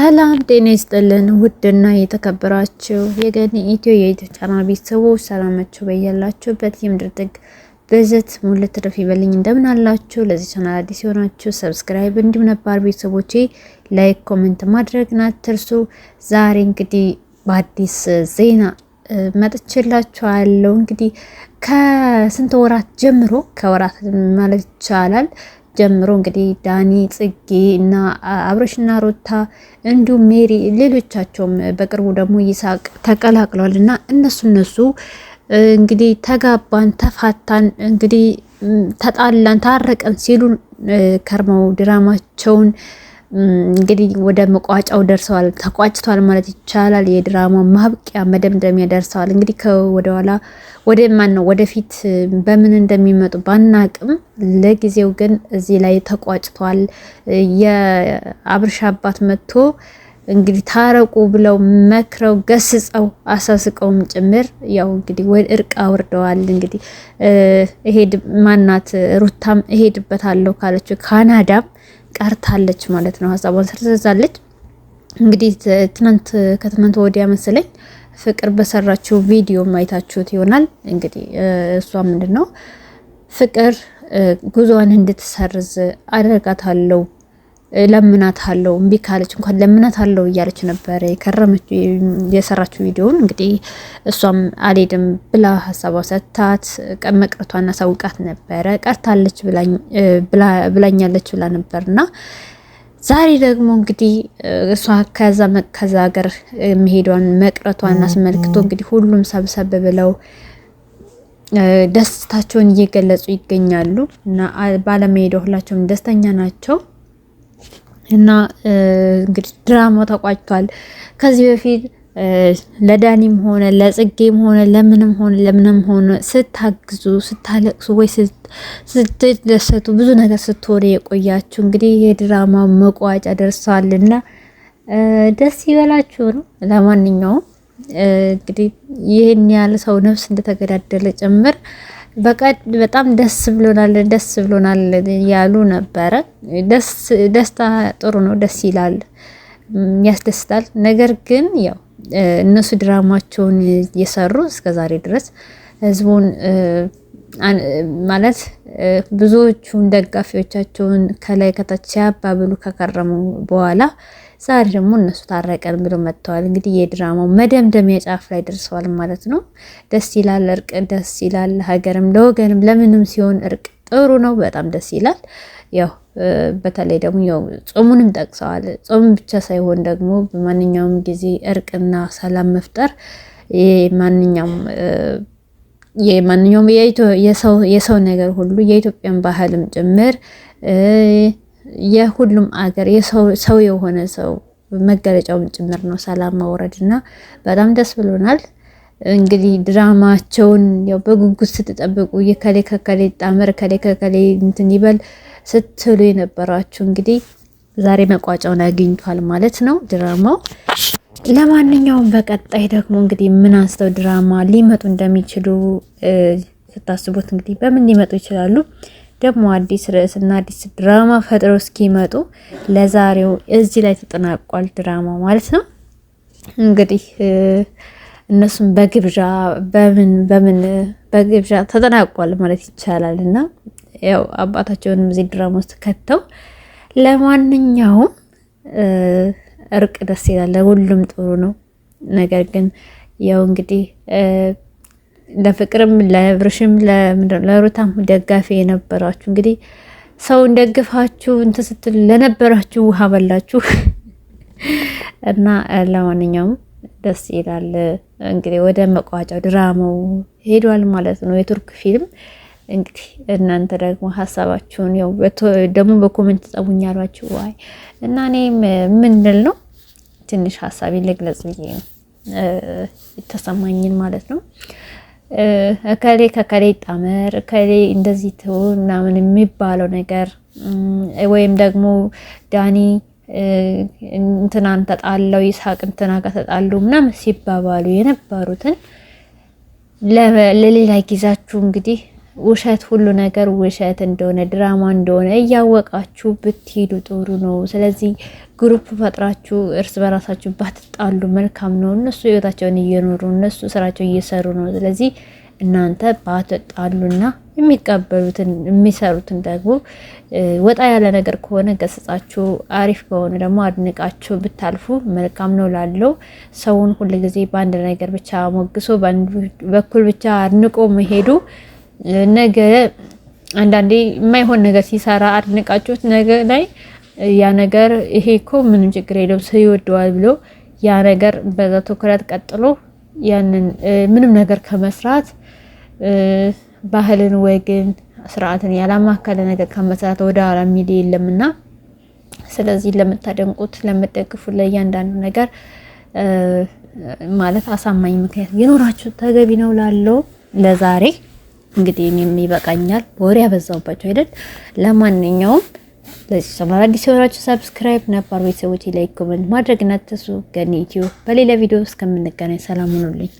ሰላም ጤና ይስጥልን። ውድና የተከበራችሁ የገኒ ኢትዮ የዩቲዩብ ቻናል ቤተሰቦች ሰላማችሁ በያላችሁበት የምድር ጥግ በዘት ሙሉ ትርፍ ይበልኝ። እንደምን አላችሁ? ለዚህ ቻናል አዲስ የሆናችሁ ሰብስክራይብ፣ እንዲሁም ነባር ቤተሰቦቼ ላይክ፣ ኮሜንት ማድረግ አትርሱ። ዛሬ እንግዲህ በአዲስ ዜና መጥቼላችኋለሁ። እንግዲህ ከስንት ወራት ጀምሮ ከወራት ማለት ይቻላል ጀምሮ እንግዲህ ዳኒ፣ ጽጌ እና አብረሽና ሮታ እንዲሁም ሜሪ ሌሎቻቸውም በቅርቡ ደግሞ ይሳቅ ተቀላቅለዋል እና እነሱ እነሱ እንግዲህ ተጋባን፣ ተፋታን፣ እንግዲህ ተጣላን፣ ታረቀን ሲሉ ከርመው ድራማቸውን እንግዲህ ወደ መቋጫው ደርሰዋል፣ ተቋጭቷል ማለት ይቻላል። የድራማ ማብቂያ መደምደሚያ ደርሰዋል። እንግዲህ ከወደኋላ ወደ ማን ነው ወደፊት በምን እንደሚመጡ ባናቅም፣ ለጊዜው ግን እዚህ ላይ ተቋጭቷል። የአብርሻ አባት መጥቶ እንግዲህ ታረቁ ብለው መክረው ገስጸው አሳስቀውም ጭምር ያው እንግዲህ ወደ እርቅ አውርደዋል። እንግዲህ እሄድ ማናት ሩታም እሄድበታለሁ ካለችው ካናዳም ቀርታለች ማለት ነው። ሀሳቧን ሰርዛለች። እንግዲህ ትናንት ከትናንት ወዲያ መሰለኝ ፍቅር በሰራችው ቪዲዮ ማየታችሁት ይሆናል። እንግዲህ እሷ ምንድን ነው ፍቅር ጉዞዋን እንድትሰርዝ አደርጋታለሁ ለምናት አለው እምቢ ካለች እንኳን ለምናት አለው እያለች ነበረ የከረመችው የሰራችው ቪዲዮን። እንግዲህ እሷም አልሄድም ብላ ሀሳቧ ሰጥታት መቅረቷን አሳውቃት ነበረ። ቀርታለች ብላኛለች ብላ ነበርና ዛሬ ደግሞ እንግዲህ እሷ ከዛ ከዛ ሀገር መሄዷን መቅረቷን አስመልክቶ እንግዲህ ሁሉም ሰብሰብ ብለው ደስታቸውን እየገለጹ ይገኛሉ እና ባለመሄዷ ሁላቸውም ደስተኛ ናቸው። እና እንግዲህ ድራማ ተቋጭቷል። ከዚህ በፊት ለዳኒም ሆነ ለጽጌም ሆነ ለምንም ሆነ ለምንም ሆነ ስታግዙ ስታለቅሱ ወይ ስትደሰቱ ብዙ ነገር ስትሆነ የቆያችሁ እንግዲህ የድራማ መቋጫ እና ደስ ይበላችሁ ነው። ለማንኛውም እንግዲህ ይህን ያህል ሰው ነፍስ እንደተገዳደለ ጭምር በጣም ደስ ብሎናል ደስ ብሎናል ያሉ ነበረ። ደስታ ጥሩ ነው፣ ደስ ይላል፣ ያስደስታል። ነገር ግን ያው እነሱ ድራማቸውን የሰሩ እስከዛሬ ድረስ ህዝቡን ማለት ብዙዎቹን ደጋፊዎቻቸውን ከላይ ከታች ሲያባብሉ ከከረሙ በኋላ ዛሬ ደግሞ እነሱ ታረቀን ብሎ መጥተዋል። እንግዲህ የድራማው መደምደሚያ ጫፍ ላይ ደርሰዋል ማለት ነው። ደስ ይላል። እርቅ ደስ ይላል። ለሀገርም ለወገንም ለምንም ሲሆን እርቅ ጥሩ ነው። በጣም ደስ ይላል። ያው በተለይ ደግሞ ያው ጾሙንም ጠቅሰዋል። ጾም ብቻ ሳይሆን ደግሞ በማንኛውም ጊዜ እርቅና ሰላም መፍጠር ማንኛውም የማንኛውም የሰው ነገር ሁሉ የኢትዮጵያን ባህልም ጭምር የሁሉም አገር ሰው የሆነ ሰው መገለጫውም ጭምር ነው ሰላም ማውረድ እና በጣም ደስ ብሎናል። እንግዲህ ድራማቸውን ያው በጉጉት ስትጠብቁ የከሌ ከከሌ ጣመር ከሌ ከከሌ እንትን ይበል ስትሉ የነበራችሁ እንግዲህ ዛሬ መቋጫውን አግኝቷል ማለት ነው ድራማው። ለማንኛውም በቀጣይ ደግሞ እንግዲህ ምን አንስተው ድራማ ሊመጡ እንደሚችሉ ስታስቡት እንግዲህ በምን ሊመጡ ይችላሉ? ደግሞ አዲስ ርዕስና አዲስ ድራማ ፈጥረው እስኪመጡ ለዛሬው እዚህ ላይ ተጠናቋል ድራማ ማለት ነው። እንግዲህ እነሱም በግብዣ በምን በምን በግብዣ ተጠናቋል ማለት ይቻላል። እና ያው አባታቸውንም እዚህ ድራማ ውስጥ ከተው ለማንኛውም እርቅ ደስ ይላል፣ ሁሉም ጥሩ ነው። ነገር ግን ያው እንግዲህ ለፍቅርም ለብርሽም ለሩታም ደጋፊ የነበራችሁ እንግዲህ ሰውን ደግፋችሁ እንትን ስትል ለነበራችሁ ውሃ በላችሁ እና ለማንኛውም ደስ ይላል። እንግዲህ ወደ መቋጫው ድራማው ሄዷል ማለት ነው የቱርክ ፊልም እንግዲህ እናንተ ደግሞ ሀሳባችሁን ያው ደግሞ በኮመንት ጸቡኝ ያሏችሁ ዋይ እና እኔም ምንል ነው ትንሽ ሀሳቢ ልግለጽ ብዬ ነው የተሰማኝን ማለት ነው። እከሌ ከከሌ ይጣመር እከሌ እንደዚህ ትሆን ምናምን የሚባለው ነገር ወይም ደግሞ ዳኒ እንትናን ተጣለው ይስሐቅ እንትና ጋር ተጣሉ ምናምን ሲባባሉ የነበሩትን ለሌላ ጊዜያችሁ እንግዲህ ውሸት ሁሉ ነገር ውሸት እንደሆነ ድራማ እንደሆነ እያወቃችሁ ብትሄዱ ጥሩ ነው። ስለዚህ ግሩፕ ፈጥራችሁ እርስ በራሳችሁ ባትጣሉ መልካም ነው። እነሱ ህይወታቸውን እየኖሩ እነሱ ስራቸው እየሰሩ ነው። ስለዚህ እናንተ ባትጣሉና የሚቀበሉትን የሚሰሩትን ደግሞ ወጣ ያለ ነገር ከሆነ ገስጻችሁ፣ አሪፍ ከሆነ ደግሞ አድንቃችሁ ብታልፉ መልካም ነው። ላለው ሰውን ሁልጊዜ በአንድ ነገር ብቻ ሞግሶ በአንድ በኩል ብቻ አድንቆ መሄዱ ነገ አንዳንዴ የማይሆን ነገር ሲሰራ አድንቃችሁት ነገ ላይ ያ ነገር ይሄ እኮ ምንም ችግር የለውም ሰው ይወደዋል ብሎ ያ ነገር በዛ ትኩረት ቀጥሎ ያንን ምንም ነገር ከመስራት ባህልን፣ ወግን፣ ስርዓትን ያላማከለ ነገር ከመስራት ወደ ኋላ የሚል የለምና ስለዚህ ለምታደንቁት ለምትደግፉ ለእያንዳንዱ ነገር ማለት አሳማኝ ምክንያት የኖራችሁ ተገቢ ነው ላለው ለዛሬ እንግዲህ እኔም ይበቃኛል፣ ወሬ ያበዛውባቸው አይደል? ለማንኛውም ለዚህ ሰማራ አዲስ የሆናችሁ ሰብስክራይብ፣ ነባር ቤተሰቦች ላይ ኮመንት ማድረግ እናትሱ ገኒ ኢትዮ በሌላ ቪዲዮ እስከምንገናኝ ሰላም ሁኑልኝ።